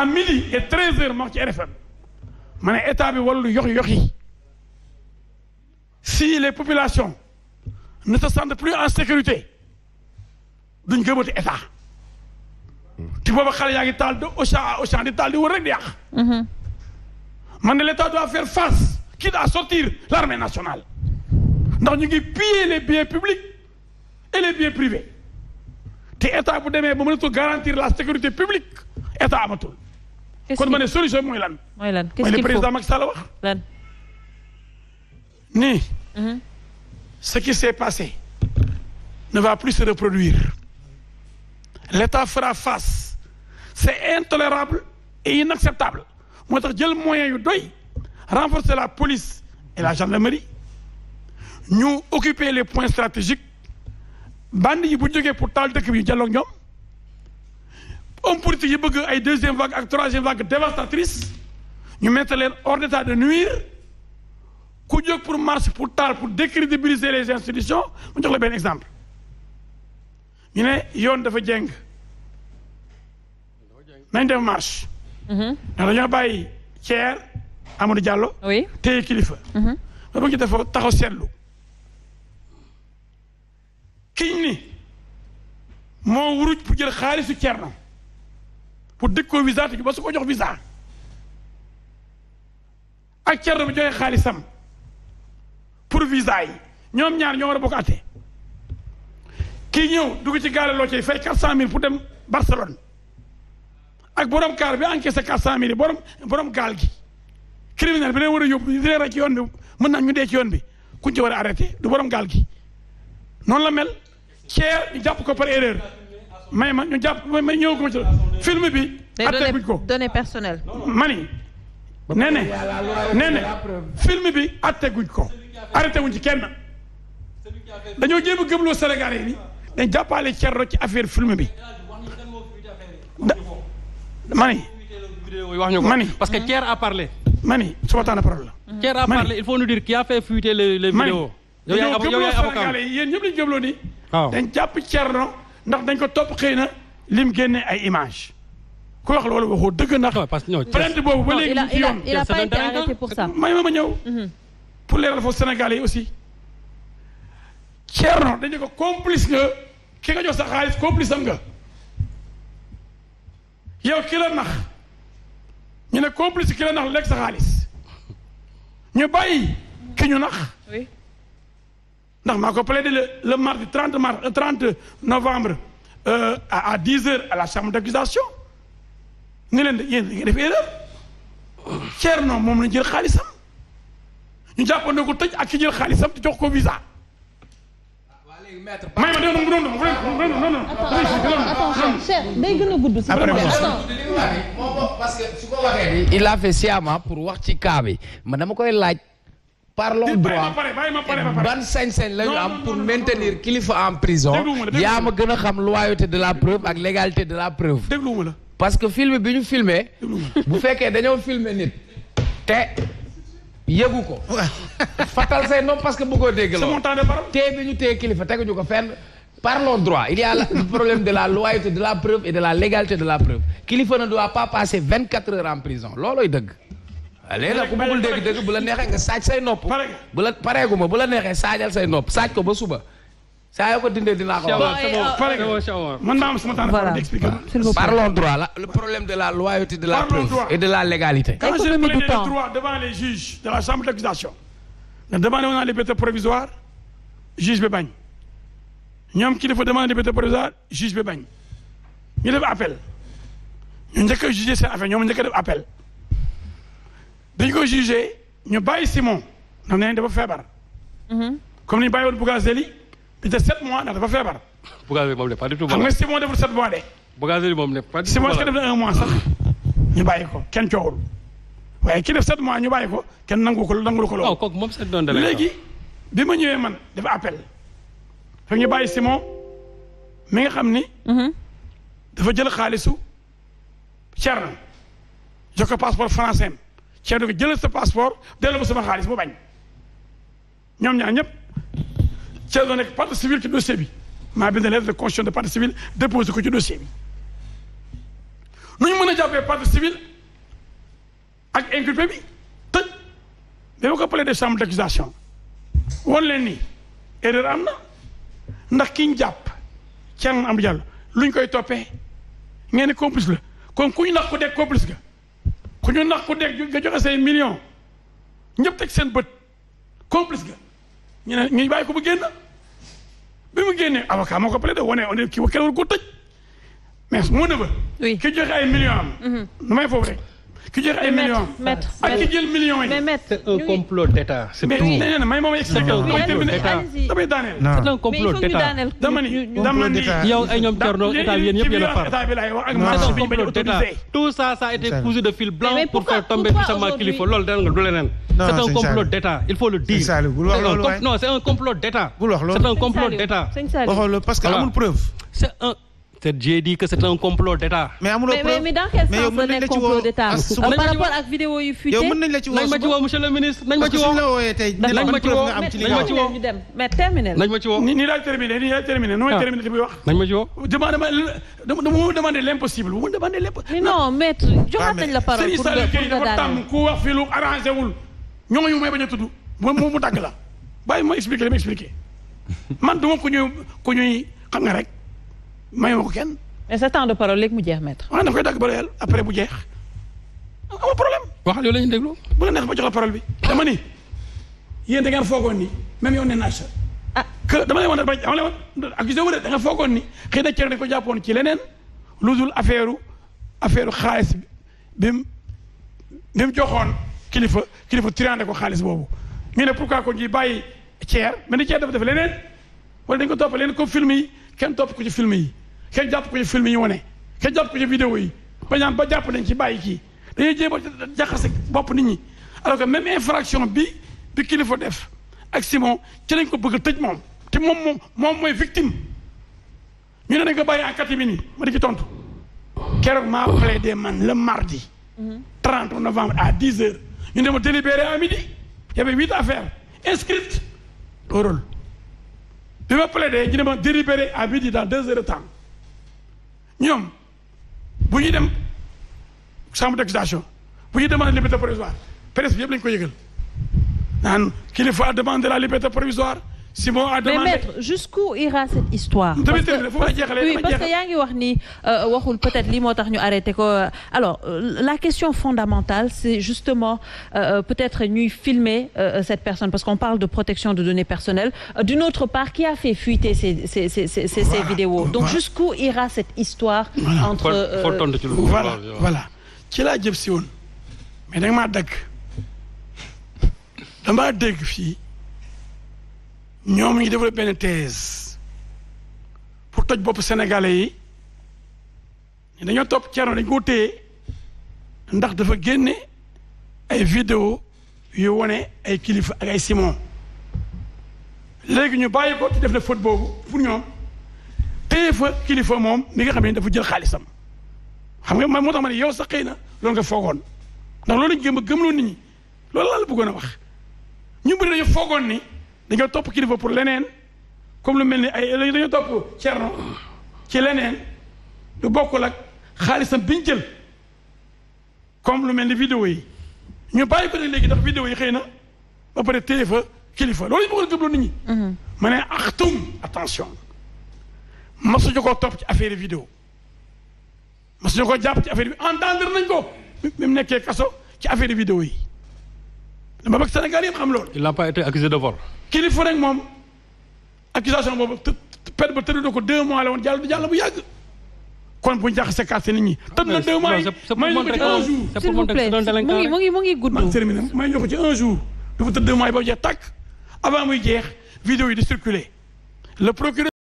à midi et treize heures ma wax ci RFM ma ne état bi warul yox yox yi si les populations ne se sentent plus en sécurité duñ gëmati état ti booba xale yaa ngi taal de Auchan à Auchan di taal di wër rek di yàq mhm. man ne l'état doit faire face quitte à sortir l'armée nationale ndax ñu ngi les biens publics et les biens privés te état bu demee ba mënatul garantir la sécurité publique état amatul kon ma ne solution bi mooy lan. mooy lan qu'est-ce qu'il faut mooy le président Macky Sall wax. lan. nii. Mhm. ce qui s'est passé ne va plus se reproduire. l'État fera face. c'est intolérable et inacceptable moo tax jël moyens yu doy renforcer la police et la gendarmerie ñu occuper les points stratégiques bandi yi bu jógee pour taal dëkk bi ñu jàlloog ñoom. homme politique yi bëgg ay deuxième vague ak troisième vague dévastatrice ñu mettre leen hors d'état de nuire ku jóg pour marche pour taal pour décrédibiliser les institutions mu jox la benn exemple ñu ne yoon dafa jeng nañ def marche. Mhm. ndax dañoo bàyyi Thier Amadou Diallo. oui téye kilifa. ba mhm. bëgg dafa taxaw seetlu kiñ ni moo wuruj pour jël xaalisu Thierno. pour dëkk ko visa te ñu ba su visa ak Thierno bi joxe xaalisam pour visa yi ñoom ñaar ñoo war a bokk àtte kii ñëw dugg ci gaale loo cay fay quatre cent mille pour dem Barcelone ak borom kaar bi encaissé quatre cent mille borom borom gaal gi criminel bi leen war a yóbbu di leen rey ci yoon bi mën naa ñu dee ci yoon bi kuñ ci war a arrêté du borom gaal gi noonu la mel Thier ñu jàpp ko par erreur may ma ñu jàpp may ñëw ko ci film bi. atte guñ ko données personnelles. mani nee ne nee ne film bi atte guñ ko arrêté wuñ ci kenn dañoo jéem a gëmloo Sénégalais yi dañ jàppale Thierno ci affaire film bi da mani. mani parce que Thierno a parlé. mani suba taana parole la. Mmh. Thierno a parlé il faut nous dire qui a fait fuiter les les vidéos. yow yaay avocat yow yaay avocat yéen ñëpp dañu gëmloo ni. waaw dañ jàpp Thierno. ndax dañ ko topp xëy na lim génne ay image ku wax loolu waxoo dëgg ndax. plainte boobu ba léegi ñu ci yoon. il a pas été arrêté pour ça may ma ma ñëw. Mm-hmm. pour leeral foofu Sénégalais yi aussi. Thierno dañu ko complice nga ki nga jox sa xaalis complice am nga. yow ki la nax ñu ne complice ki la nax lekk sa xaalis ñu bàyyi ki ñu nax. ndax maa ko plaidé le le mardi 30 mars 30 novembre euh, à à 10 heures à la chambre d'accusation ni leen yéen da ngeen def moom la jël xaalisam ñu jàppandoo ko tëj ak ki jël xaalisam te jox ko visa. maître Ba non non non non. day gën a gudd si. après parce que su pour wax ci cas bi man dama koy laaj. parlons droit ban sañ-sañ la ñu am pour maintenir kilifa en prison yaa ma gën a xam loyauté de la preuve ak légalité de la preuve dégluwuma la parce que film bi ñu filmé bu fekkee dañoo filmé nit te yëgu ko fatal say non parce que bëggoo dégg la tée bi ñu téye kilifa teguñu ko fenn parlons droit il y a problème de la loyauté de la preuve et de la légalité de la preuve kilifa ne doit pas passer vingt quatre heures en prison loolooy dëgg léegi nag ku bëggul dégg dégg bu la neexee nga saaj say nopp bu ma bu la neexee saajal say nopp saaj ko ba suba saa yoo ko dindee dinaa ko wax man maa am sama temps voilà parlons droit la le problème de la loyauté de la preuve et de la légalité quand je prenais le droit devant les juges de la chambre d'accusation nga demandé woon naa liberté provisoire juge bi bañ ñoom kii dafa demandé liberté provisoire juge bi ñoom njëkk a appel dañ ko jugé ñu bàyyi Simon ndax nee dafa feebar. Mhm. comme ni ñu bàyyi woon Bougazelli bi te 7 mois ndax dafa feebar. Bougazelli moom ne pas du tout. Simon deful 7 mois de. Bougazelli moom ne pas du tout. Simon est-ce def na un mois sax ñu bàyyi ko kenn coowul waaye ki def 7 mois ñu bàyyi ko kenn nangu ko nangu ko lool. Oh, kooku moom seet doon da léegi bi ma ñëwee man dafa appel fekk ñu bàyyi Simon mi nga xam ni. Mhm. dafa jël xaalisu Thierno jox ko passeport français Thierno ko jëlal sa passeport delloo ma sama xaalis mu bañ ñoom ñaar ñëpp Thierno nekk partie civile ci dossier bi maa bind lettre de constitution de partie civile déposé ko ci dossier bi nu mën a jàppee partie civile ak inculpé bi tëj dama ko plaidé chambre d'accusation wan leen ni erreur am na ndax ki ñu jàpp Thierno Amadou Diallo lu ñu koy toppee ngeen ne complice la kon ku ñu nax ko dee complice ga ku ñu nax ku dégg nga joxe say million ñëpp teg seen bët complice ga ñu ñu bàyyi ko bu génn bi mu génnee avocat moo ko plaidé wane on est kii wa kenn war ko tëj mais moo ne ba ki joxe ay million am mm-hmm. nu may foofu rek ki jël ay millions maître ak ki jël mais c'est un complot d'État. mais nee na d'État dama ni a c'est un complot d'État tout ça ça a été cousu de fil blanc pour tomber sama kilifa loolu daan nga du c'est un complot d'État il faut le dire. non c'est un complot d'État. c'est un complot d'État. waxoo parce que amul preuve. c'est un j'ai dit que c'est un complot d'État. mais amuloo mais par rapport ak vidéo yu fuité. yow mën nañ la ci woo nañ ma ci woo monsieur le ministre nañ ma ci woo. nii daal terminé nii daal terminé nu may ah. terminé wax. nañ ma ci woo. dama dama dama demandé l'impossible bu ma demandé l'impossible. non maître joxaat nañ la parole pour ku wax fi lu arrangé wul may bañ a tudd mu dagg la bàyyi ma expliqué ma expliqué man duma ku ñuy ku ñuy xam nga rek may ma ko kenn. mais sa temps de parole léegi mu jeex maître. waaw ah, da koy dagg ba réel après bu jeex amul problème. waxal yow la ñuy déglu. bu la neex ba jox la bi. dama ni da ngeen foogoon ni même yow nee naa sa. Ah. dama lay wan dama lay wan accusé de da foogoon ni xëy na cër dañ ko jàppoon ci leneen lu dul affaire affaire xaalis bi mu bi mu joxoon kilifa kilifa tirande ko xaalis boobu ñu ne pourquoi ko ñuy bàyyi ceer mais ni ceer dafa def leneen wala dañ ko topp leneen comme film yi kenn topp ko ci film yi. kenn jàpp ko ci film yi wane kenn jàpp ko ci vidéo yi ba ñaan ba jàpp nañ ci bàyyi kii dañuy jéem a jaxase bopp nit ñi alors que même infraction bi bi kilifa def ak Simon ci lañ ko bëgg a tëj moom ti moom moom moom mooy victime ñu ne nañ ko bàyyi en catimini ma di ci tontu keroog maa plaidé man le mardi 30 novembre à 10 heures ñu dem délibéré à midi y avait huit affaires inscrites au rôle bi ma plaidé ñu ne ma délibéré à midi dans deux heures de temps ñoom bu ñuy dem chambre d'accusation bu ñuy demandé liberté provisoire presse bi yëpp lañ ko yëgal naan kilifa a la liberté provisoire si moo a demandé mais maître jusqu'où ira cette histoire. parce que oui parce que yaa ngi wax ni euh, waxul peut-être lii moo tax ñu arrêté ko euh, alors euh, la question fondamentale c'est justement peut-être ñuy filmer cette personne parce qu'on parle de protection de données personnelles d'une autre part qui a fait fuiter ces ces ces ces vidéos donc jusqu'où ira cette histoire. entre voilà voilà ci laa jëm si woon mais da nga maa dagg damaa dégg ñoom ñu développé benn thèse pour toj bopp sénégalais yi dañoo topp Thierno dañ koo téye ndax dafa génne ay vidéo yu wone ay kilifa ak ay simon léegi ñu bàyyi ko ci def na faute boobu pour ñoom téye fa kilifa moom mi nga xam ne dafa jël xaalisam xam nga man moo tax ma ne yow sax xëy na loolu nga foogoon ndax loolu lañ gëm a gëmloo nit ñi loolu laa la bëggoon a wax ñu bëri dañu foogoon ni dañoo topp kilifa pour leneen comme lu mel ni ay dañoo topp cerno ci leneen lu bokkul ak xaalisam bi ñu comme lu mel ni vidéo yi ñu bàyyi ko nag léegi ndax vidéo yi xëy na ba pare téye kilifa loolu ñu bëggoon a nit ñi. Mhm. ma ne axtum attention masuñu ko topp ci affaire vidéo masuñu ko jàpp ci affaire bi entendre nañ ko bi mu nekkee kaso ci affaire vidéo yi. dama bëgg Sénégal yëpp xam loolu. il n'a pas été accusé de vol. kilifa rek accusation boobu te perte ba tëdd na deux mois la woon bu yàgg. kon bu ñu jaxasee carte nit ñi. tëdd na deux mois yi may ñu ko ci un jour. s'il vous jour. dafa tëdd deux mois ba jeex tàkk avant muy jeex vidéo yi di circuler le procureur.